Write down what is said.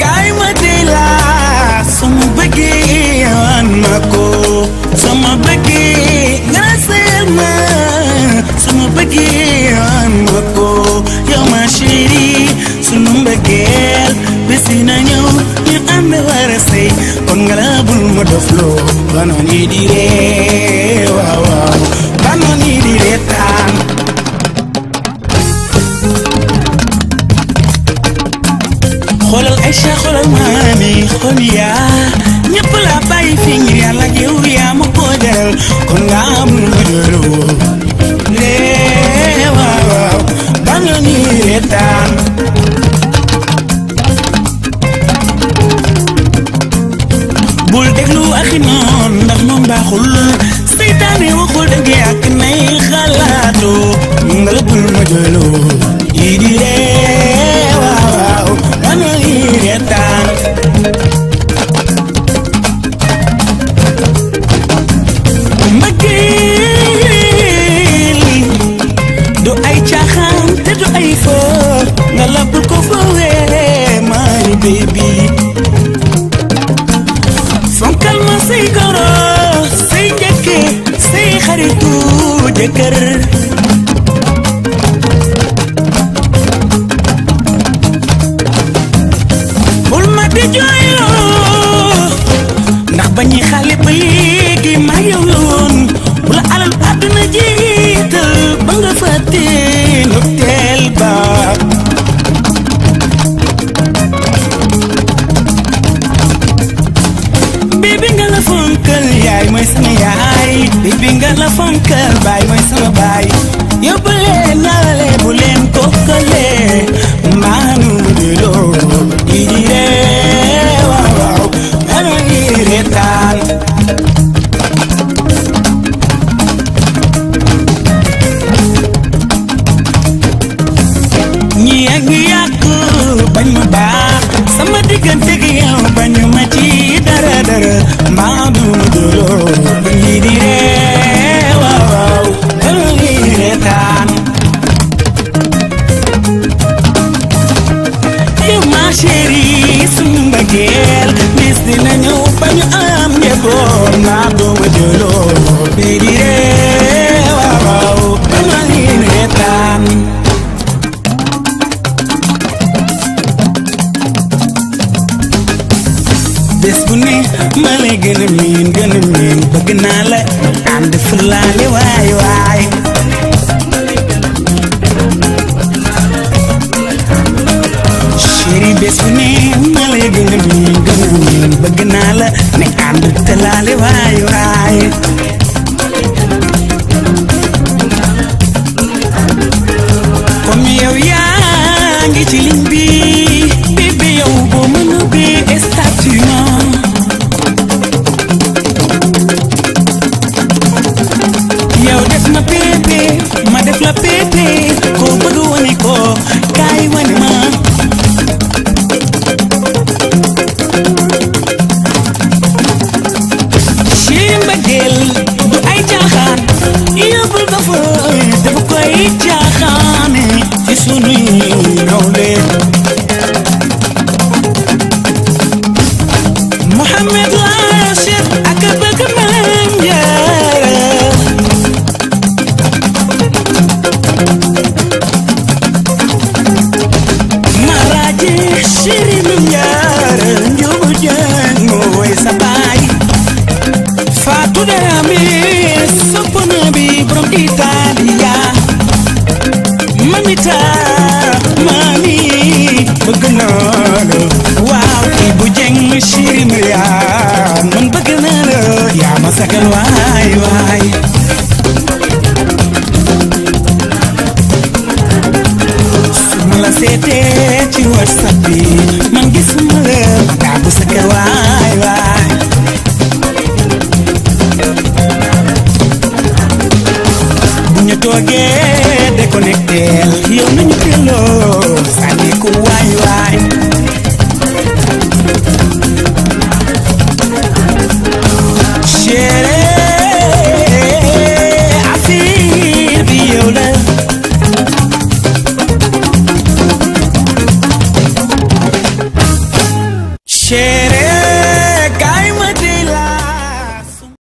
kaay ma di la sama bëggee an ma ko sama bëggee nga seel ma sama bëggee an ma ko yow ma chéri sunu mbëggeel bés dina ñëw ñu ànd war a sëy kon nga bul ma dofloo ba noonu di ree waaw waaw Aïcha xoolal maa yaa ñëpp laa bàyyi fi ngir yàlla ak yaa ma ko kon nga am lu ma jëloo nee waaw waaw bul déglu ak noon ndax moom baaxul seytaane waxul dëgg ak nay xalaatu nga bul ma baby fonkal ma say goro say njëkke say xaritu jëkkër bul ma di jooyloo ndax ba ñuy xale ba léegi ma yow la woon bu la alal àdduna yaay mooy sama yaay bi nga la baay mooy sama baay yóbbu leen nalale bu leen kokkale maanu di loo di di ree waaw waaw dama di reetaan ñi ak ñi yàq bañ ma gi yow bañu ma ci dara dara maanu loo lii di ree ma lay gën a miin gën a miin bëgg naa la ànd fulaale waay waay chéri bés bu ne ma lay gën a la pépé ma def la pépé ko bëgg wane ko kaay wane ma ji sirinu ñaar njubu jaan moo woy sa baay faatu de ami sopp na bi borom Itaali seetee ci whatsapp bi man gisuma la ma tàggu sa kër waay waay bu ñu toogee déconnecté yow nañu delloo